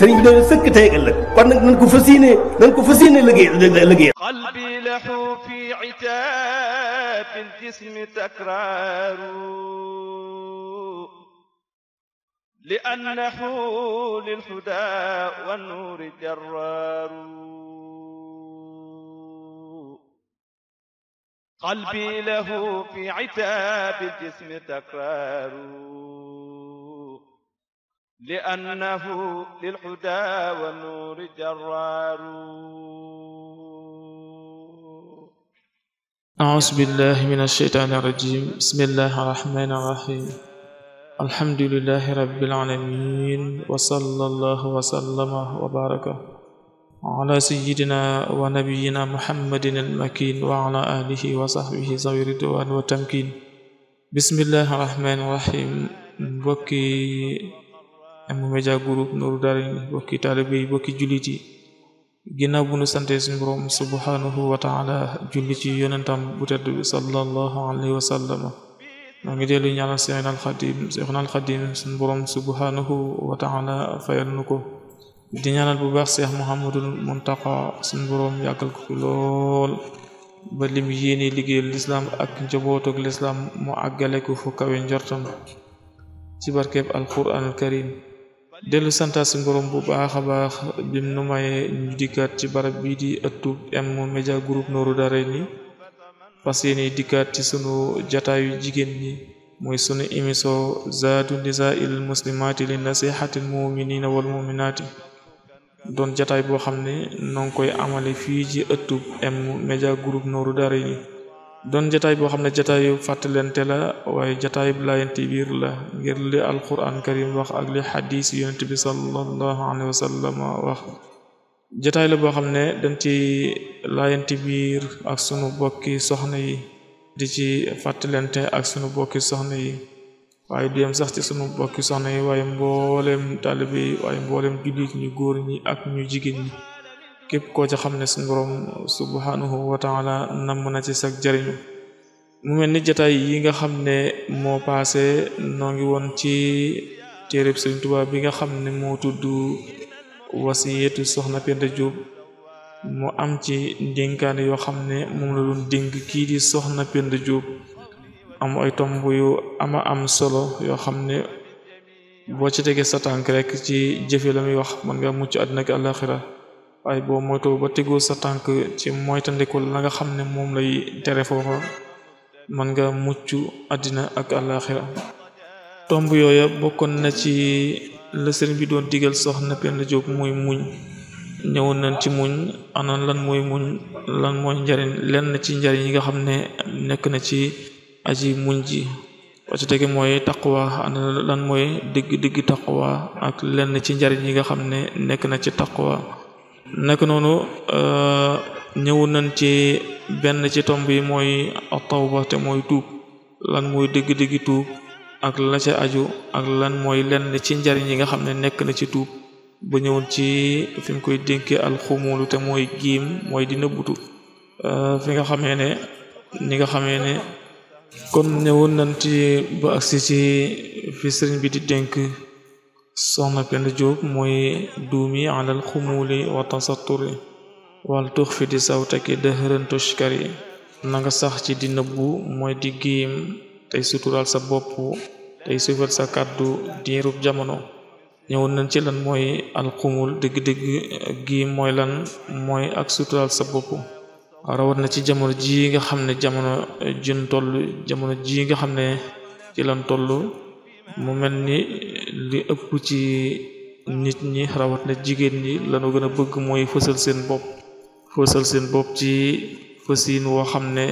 sëriñ bi dañu sëkk tey ëllëg kon nag nañ ko fas yéene nañ ko fas yéene liggéey liggéey qalbi lahu fi itab al-jism takraru li'annahu lil-huda wan-nur jarraru qalbi lahu fi itab al-jism takraru لأنه للحدى والنور جرار أعوذ بالله من الشيطان الرجيم بسم الله الرحمن الرحيم الحمد لله رب العالمين وصلى الله وسلم وبارك على سيدنا ونبينا محمد المكين وعلى آله وصحبه ذوي الرضوان والتمكين بسم الله الرحمن الرحيم mbokki M-Media Group Nourou Darayni bokki taalibe yi bokki jullit yi ginnaaw bu nu sante suñu borom subhanahu wa taala julli ci yonentam bu tedd bi sallallahu alayhi wa sallam maa ngi ñaanal Seexna Alxadim Seexna Alxadim subhanahu wa taala nu ko di ñaanal bu baax Seex Muhammadul Muntaqa suñu borom yàggal ko fi lool ba lim yéene liggéeyal lislaam ak njabootug lislaam mu àggale ko fu kawe njortam ci barkeb alquranul karim dellu santa si borom bu baax a baax bim nu mayee ñu dikkaat ci barab bii di ëttub M-Media Group Nourou Darayni fas yéene dikkaat ci sunu jataayu jigéen ñi mooy sunu émission zaadu nisaa'il muslimaati li nasihatil mu'minina wal mu'minaati doon jataay boo xam ne noo ngi koy amale fii ci ëttub M-Media Group Nourou Darayni doon jataay boo xam ne jataayu fàttalente la waaye jataayu bu laayante biir la ngir li alquran karim wax ak li xadis yonent bi sallallahu alayhi wa sallam wax jataay la boo xam ne dañ ci laayante biir ak sunu bokki soxna yi di ci fàttalente ak sunu bokki soxna yi waaye du yem sax ci sunu bokki soxna yi waaye mbooleem taalibe yi waaye mbooleem jullit ñu góor ñi ak ñu jigéen ñi képp koo ci xam ne suñu borom subhanahu wa taala namm na ci sag jëriñu mu mel ni jataay yi nga xam ne moo paase noo ngi woon ci téereb Sëriñ Tuubaa bi nga xam ne moo tudd wasiyatu soxna Penda Diop mu am ci ndénkaane yoo xam ne moom la doon dénk kii di soxna Penda Diop am ay tomb yu ama am solo yoo xam ne boo ci tegee sa tànk rek ci jëfe la muy wax mën nga mucc àddina ak àllaaxira waaye boo moytoo ba tegoo sa tànk ci moytandiku la nga xam ne moom lay tere foofa mën nga mucc àddina ak àllaaxira tomb yooya bokkoon na ci la sëriñ bi doon digal soxna Penda Diop mooy muñ ñëwoon nañ ci muñ ana lan mooy muñ lan mooy njariñ lenn ci njariñ yi nga xam ne nekk na ci aji muñ ji wa ci tege mooy taqwa ana lan mooy dëgg-dëgg taqwa ak lenn ci njariñ yi nga xam ne nekk na ci taqwa naka noonu euh, ñëw nañ ci benn ci tomb yi mooy tawba te mooy tuub lan mooy dëgg-dëgg tuub ak la ca aju ak lan mooy lenn ci njariñ yi nga xam ne nekk na ci tuub ba ñëwoon ci fi koy dénkee alxumulu te mooy giim mooy di nëbbutu euh, fi nga xamee ne ñi nga xamee ne kon ñëwoon nañ ci ba agsi ci fi sëriñ bi di dénk soxna Penda Diop mooy duumi alal xumuli wa sa wal tux fi di sawtaki dëhëran tushkari na nga sax ci di nëbbu mooy di géem tey sutural sa bopp tey suufal sa kàddu diirub jamono ñëwoon nañ ci lan mooy alxumul dëgg-dëgg géem mooy lan mooy ak sutural sa bopp rawat na ci jamono jii nga xam ne jamono jun toll jamono ji nga xam ne ci lan toll mu mel ni li ëpp ci nit ñi rawat na jigéen ñi lanu gën a bëgg mooy fësal seen bopp fësal seen bopp ci fësin woo xam ne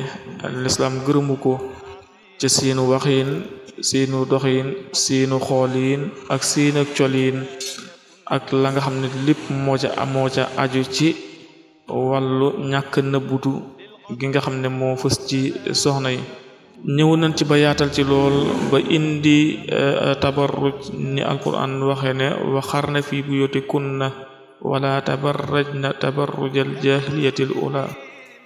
lislaam gërëmu ko ci seenu waxiin seenu doxiin seenu xoolin ak seen ak ak la nga xam ne lépp moo ca amoo ca aju ci wàllu ñàkk nëbbutu gi nga xam ne moo fës ci soxna yi ñëw nañ ci ba yaatal ci lool ba indi eh, tabarruj ni alquran waxe ne waxarna fi buyutikunna wala tabarrajna tabarrujal jahiliyatil ula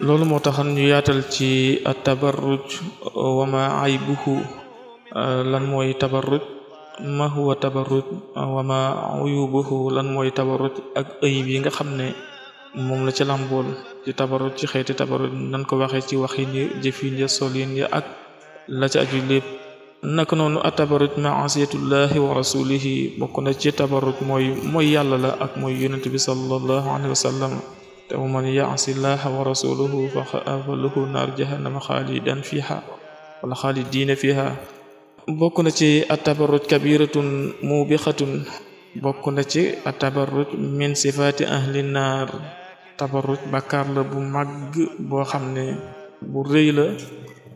loolu moo taxan ñu yaatal ci tabarruj wa ma aybuhu eh, lan mooy tabarruj ma huwa tabarruj wa ma lan mooy tabarruj ak ayib yi nga xam ne moom la ci làmbool ci tabarruj ci xeeti tabarruj nan ko waxe ci waxin ya jëfin solin ya ak la ci aju noonu atabarut ma asiyatullahi wa rasulihi bokk na ci tabarut mooy mooy yàlla la ak mooy yonent bi sallallahu alayhi wa man yaasi llaha wa rasulahu fa xaafalahu naar jahannama xaalidan fiha wala xaalidiina fiha bokk na ci atabarut kabiratun mubixatun bokk na ci atabarut min sifaati ahli naar tabarut bakkaar bu màgg boo xam ne bu rëy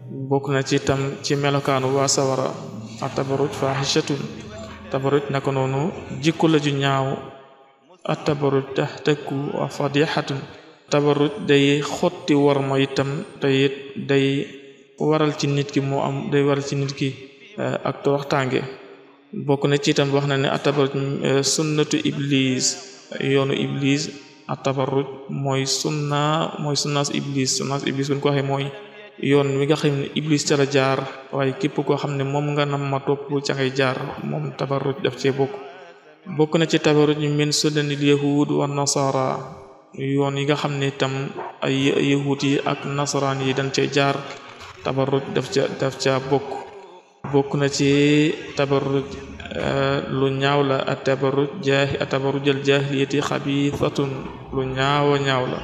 bokk na ci itam ci melokaanu waa sawara a tabaruj fahishatun tabaruj naka noonu jikko la ju ñaaw a tabaruj tahtaku wa fadihatun tabaruj day xotti war ma itam te it day waral ci nit ki moo am day waral ci nit ki eh, ak toroxtaange bokk na ci itam wax na ne a tabaruj eh, sunnatu iblis yoonu iblis a tabaruj mooy sunna mooy sunnaas iblis sunnaas iblis buñ ko waxee mooy yoon wi nga xam ne iblis ca jaar waaye képp koo xam ne moom nga nam ma topp ca jaar moom tabarruj daf cee bokk bokk na ci tabarruj min sunnanil yahud wa nasara yoon yi nga xam ne tam ay ak nasaraan yi dañ cee jaar tabarruj daf ca daf bokk bokk na ci tabarruj eh, lu ñaaw la at tabarruj jaahi at tabarruj al jaahiliyati xabiisatun lu ñaawa ñaaw la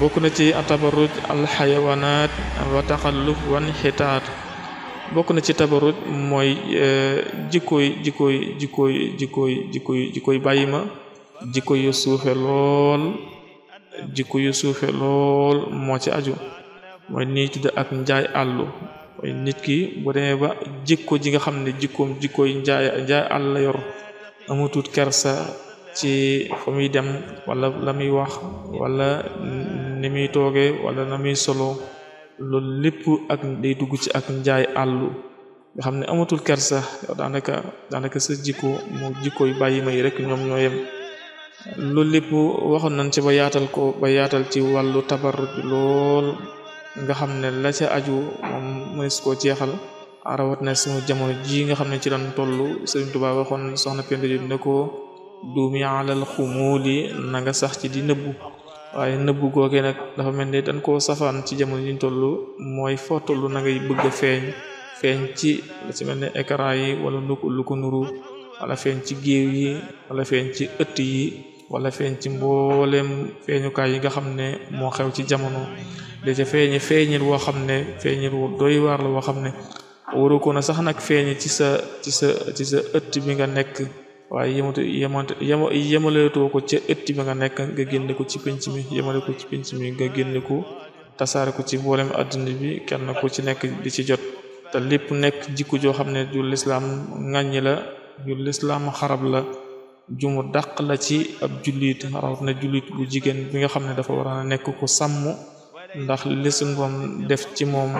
bokk na ci atabaruj alxayawaanaat wa taxalluf wan xitaat bokk na ci tabarut mooy eh, jikkooy jikkooy jikkooy jikkooy jikkooy jikkooy bàyyi ma jikko yu suufe lool jikko yu suufe lool moo ci aju mooy nii tudd ak njaay àllu mooy nit ki bu demee ba jikko ji nga xam ne jikkoom jikkooy njaay njaay àll la yor amutut kersa ci fa muy dem wala la muy wax wala ni muy toogee wala na solo loolu lépp ak day dugg ci ak njaay àllu nga xam ne amatul kersa daanaka daanaka sa jikko mu jikko bàyyi may rek ñoom ñoo yem loolu lépp waxoon nañ ci ba yaatal ko ba yaatal ci wallu tabarruj lool nga xam ne la ca aju moom mënees koo jeexal rawat na suñu jamono ji nga xam ne ci lañ toll Sëriñ Tuubaa waxoon soxna Penda Jóob ne duumi alal xumuuli na nga sax ci di nëbbu waaye nëbbu googee nag dafa mel ni dañ koo safaan ci jamono yi ñu toll mooy foo toll na ngay bëgg a feeñ feeñ ci mel ne écran yi wala lu ko ci géew yi wala ci ëtt yi wala feeñ ci mbooleem feeñukaay yi nga xam ne moo xew ci jamono da ca feeñe feeñit woo xam ne feeñit woo waar la woo xam ne waru sax nag feeñ ci sa ci sa ci sa ëtt bi nga nekk waaye yematu yemante yem yemaleetoo ko ci ëtt bi nga nekk nga génne ko ci pénc mi yemale ko ci penc mi nga génne ko tasaare ko ci mboolem adduna bi kenn ku ci nekk di ci jot te lépp nekk jikko joo xam ne ju lislaam ŋàññi la ju lislaam xarab la jumu dàq la ci ab jullit rawat na jullit bu jigéen bi nga xam ne dafa war a nekk ko sàmm ndax li suñu boom def ci moom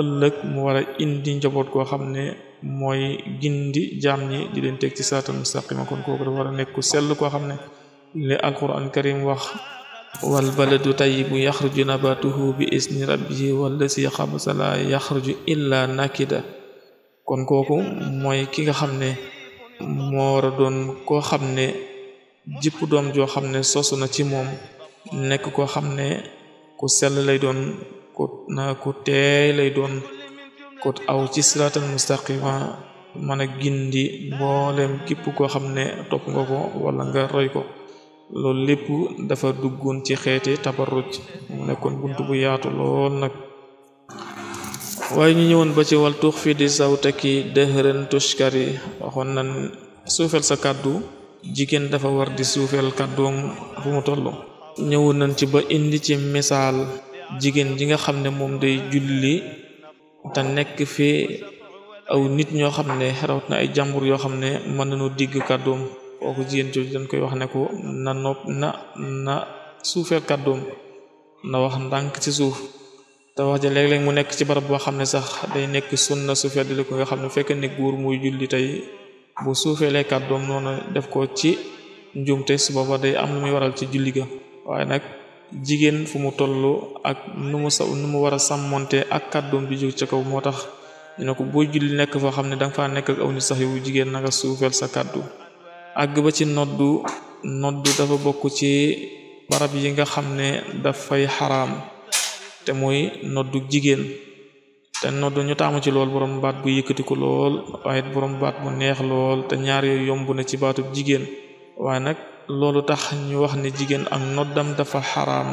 ëllëg mu war a indi njaboot goo xam ne mooy gindi jaam ñi di leen teg ci saatal a kon kooku dafa war a nekk ku sell koo xam ne li alquran karim wax wal baladu tayyibu yaxruju nabatuhu bi isni rabbihi wallasi xabasa sala yaxruju illa nakida kon kooku mooy ki nga xam ne moo war a doon koo xam ne jëpp doom joo xam ne sosu na ci moom nekk koo xam ne ku sell lay doon ku teey lay doon ku aw ci siraatal mustaqima mën a gindi mboolem képp koo xam ne topp nga ko wala nga roy ko loolu lépp dafa duggoon ci xeeti tabarruj mu nekkoon bunt bu yaatu lool nag waaye ñu ñëwoon ba ci wal tuux fi di sawtaki dëhëran tushkari waxoon nan suufeel sa kàddu jigéen dafa war di suufeel kàddoom fu mu toll ñëwoon nañ ci ba indi ci misaal jigéen ji nga xam ne moom day julli te nekk fi aw nit ñoo xam ne rawat na ay jàmbur yoo xam ne mën nañu digg kàddoom kooku jigéen dañ koy wax ne ko na nopp na na suufeel kàddoom na wax ndànk ci suuf te wax ja léeg-léeg mu nekk ci barab boo xam ne sax day nekk sunna su feddali ko nga xam ne fekk ne góor muy julli tey bu suufeelee kàddoom noonu def ko ci njuumte su booba day am lu muy waral ci julli ga waaye nag jigéen fu mu toll ak nu mu sa nu mu war a sàmmonte ak kàddoom bi jóg ca kaw moo tax ñu ne ko boo julli nekk foo xam ne danga fa nekk ak aw nit sax yow jigéen nag suufeel sa kàddu àgg ba ci noddu noddu dafa bokk ci barab yi nga xam ne dafay xaraam te mooy noddu jigéen te noddu ñu taamu ci lool borom baat bu yëkkati ko lool waaye borom baat mu neex lool te ñaar yooyu yomb na ci baatub jigéen waaye nag loolu tax ñu wax ne jigéen ak noddam dafa xaram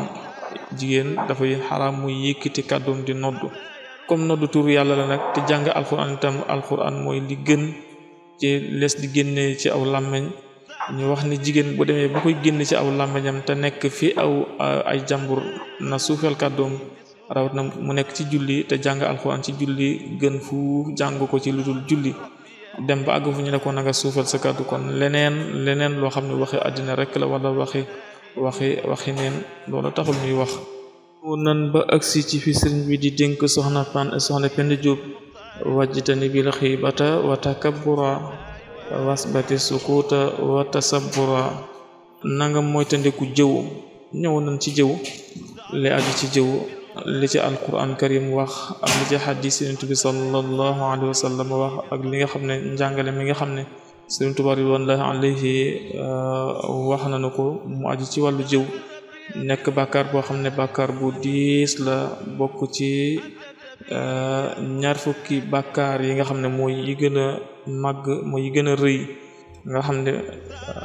jigéen dafa xaraam muy yëkkati kàddoom di noddu comme noddu tur yàlla la nag te jàng alquran itam alquran mooy li gën ci lees di génne ci aw làmmeñ ñu wax ne jigéen bu demee bu koy génn ci aw làmmeñam te nekk fi aw ay jàmbur na suufeel kàddoom rawat na mu nekk ci julli te jàng alquran ci julli gën fu jàng ko ci lu dul julli dem ba àgg fu ñu ne ko nanga suufal sa kàddu kon leneen leneen loo xam ne waxi àddina rek la wala waxi waxi waxi neen loolu taxul ñuy wax mu nan ba agsi ci fi sëriñ bi di dénk soxna pan soxna Penda Diop wajjitani bil xiibata wa takabbura wasbati sukuuta wa tasabbura nanga moytandiku jëw ñëw nan ci jëw li aju ci jëw li ci alquran karim wax am li ci xadis yonent bi sallallahu alayhi wa sallam wax ak li nga xam ne njàngale mi nga xam ne Sëriñ Tuubaa ridwanullahi alayhi uh, wax na nu ko mu aju ci wàllu jëw nekk bàkkaar boo xam ne bàkkaar bu diis la bokk ci uh, ñaar fukki bàkkaar yi nga xam ne mooy yi gën a màgg mooy yi gën a rëy nga xam ne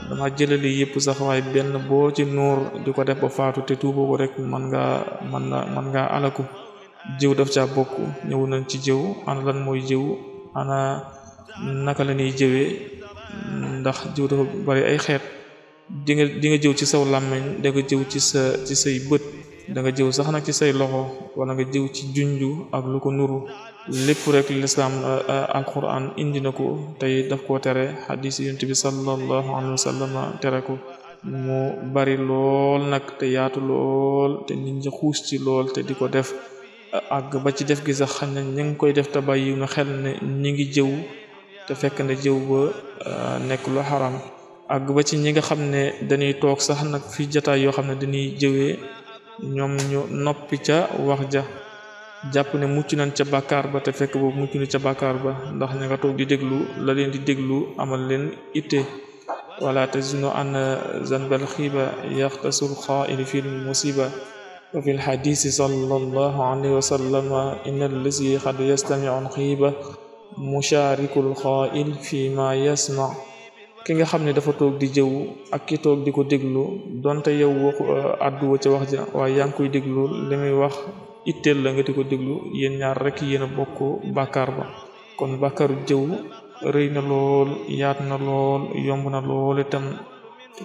dama jëlali yépp sax waaye benn boo ci nuur di ko def ba faatu te tuuboo ko rek man nga man nga man nga alaku jëw daf caa bokk ñëw nañ ci jëw ana lan mooy jëw ana naka la ñuy jëwee ndax jëw dafa bari ay xeet di nga di jëw ci saw làmmiñ da jëw ci sa ci say bët danga nga jëw sax nag ci say loxo wala nga jëw ci junju ak lu ko nuru lépp rek lislaam euh, euh, alquran indi na ko tey daf koo tere xadis yonent bi sallallahu alayhi wa sallam tere ko mu bari lool nag te yaatu lool te nit ñi xuus ci lool te di ko def àgg ba ci def gi sax xam na ñi ngi koy def te bàyyi na xel ne ñi ngi jëw te fekk na jëw ba euh, nekk lu xaram àgg ba ci ñi nga xam ne dañuy toog sax nag fi jataay yoo xam ne dañuy jëwee ñoom ñu noppi ca wax ja jàpp ne mucc nañ ca bàkkaar ba te fekk boobu mucc ni ca bàkkaar ba ndax ña nga toog di déglu la leen di déglu amal leen itte wala tazunnu anna zanbal xiiba yaxtasul xaail fi l musiba wa fi lxadisi sallallahu alayhi wa sallama inna allazi xad yastamiun xiiba musharikul xaail fi ma yasma ki nga xam ne dafa toog di jëw ak ki toog di ko déglu donte yow waxu euh, àdduwa ca wax ja waaye yaa ngi koy déglu li muy wax itteel la nga di ko déglu yéen ñaar rek yéen a bokk bàkkaar ba kon bàkkaaru jëw rëy na lool yaat na lool yomb na lool itam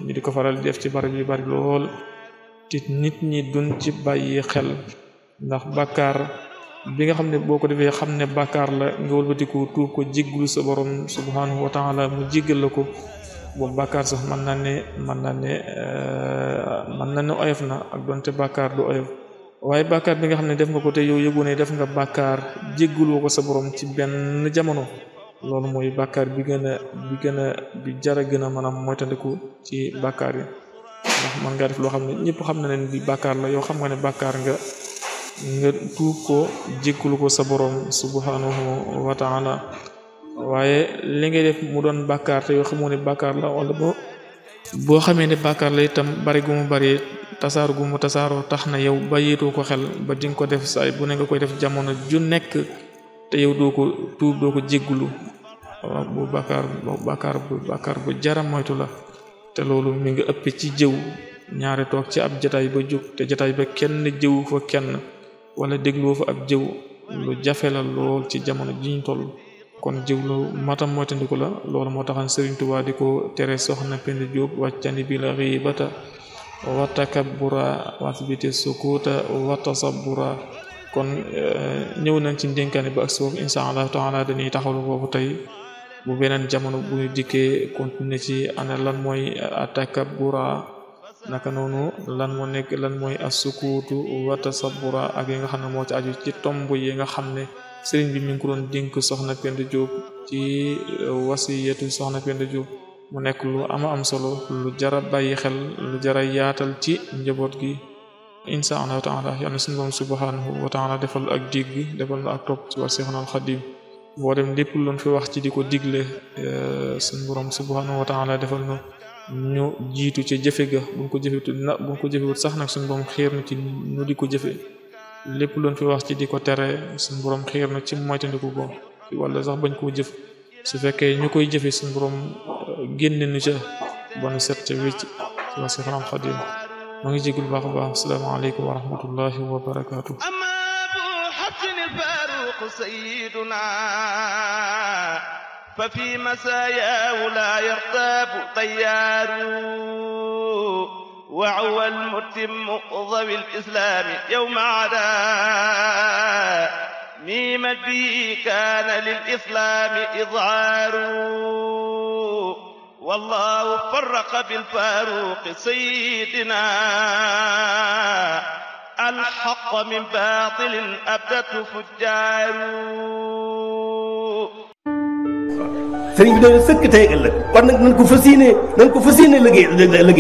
ñu di ko faral di def ci bari bi bari lool te nit ñi duñ ci bàyyi xel ndax bàkkaar bi nga xam ne boo ko defee xam ne bàkkaar la nga wëlbatiku tuub ko jiggul sa borom subhanahu wa taala mu jiggal la ko boobu bàkkaar sax mën na ne mën na ne euh, mën na ne oyof na ak doonte bàkkaar du oyof waaye bàkkaar bi nga xam ne def nga ko te yow yëgu ne def nga bàkkaar jégguloo ko sa borom ci benn jamono loolu mooy bàkkaar bi gën a bi gën a bi jara gën a mën a moytandiku ci bàkkaar yi ndax man ngaa def loo xam ne ñëpp xam na ne bi bàkkaar la yow xam nga ne bàkkaar nga nga tuub ko jéggulu ko sa borom subhanahu wa taala waaye li def mu doon bàkkaar te yow xamoo ne bàkkaar la wala bo boo xamee ne bàkkaar la itam bari gu mu bari tasaar gu mu tasaaroo tax na yow bàyyiitoo ko xel ba di ko def saay bu ne nga koy def jamono ju nekk te yow doo ko tuub doo ko jéggulu bu bàkkaar bu bàkkaar bu jaram moytu la te loolu mu ngi ëpp ci jëw ñaari toog ci ab jataay ba jóg te jataay ba kenn jëwu fa kenn wala dégloo fa ab jëw lu jafe la lool ci jamono ji ñu kon jiblu matam moytandiku la loolu moo taxan Sëriñ Tuubaa di ko tere soxna Penda Jóob wàccani bi la xiibata wa takabbura wasbiti sukuta wa tasabbura kon eh, ñëw nañ ci ndénkaane ba ak si foofu insha allah taala dañuy taxawlu foofu tey bu beneen jamono bu ñu dikkee continuer ci ana lan mooy takabbura naka noonu lan moo nekk lan mooy as sukutu wa tasabbura ak yi nga xam ne moo ci aju ci tomb yi nga xam ne sëriñ bi mi ngi ko doon dénk soxna Penda Diop ci euh, yetu soxna Penda Diop mu nekk lu ama am solo lu jara bàyyi xel lu jara yaatal ci njaboot gi insha allah taala yal na suñu borom subhanahu defal ak dégg defal na ak topp ci war Seexuna Xaadim boo dem lépp luñ fi wax ci di ko digle euh, suñu borom subhanahu wa taala defal na ñu jiitu ci jëfe ga buñ ko jëfetu na buñ ko jëfewut sax nag suñu borom xeer na ci ñu di ko jëfe lépp luñ fi wax ci di ko tere suñ borom xiir na ci moytandiku ko wala sax bañ koo jëf su fekkee ñu koy jëfe suñ borom euh, génne nu ca bon set ca wécc ci wax si xanam xadim ma ngi jégul baax a baax asalaamaaleykum wa rahmatullahi wa barakaatu ففي مساياه لا يرتاب طيار وهو المتم ضوي الإسلام يوم عدا ميمتي كان للإسلام إظهار والله فرق بالفاروق سيدنا الحق من باطل أبدته فجار sëriñ bi de sëkk tey ëllëg war nañ ko fas yéene nañ ko fas yéene liggéey liggéey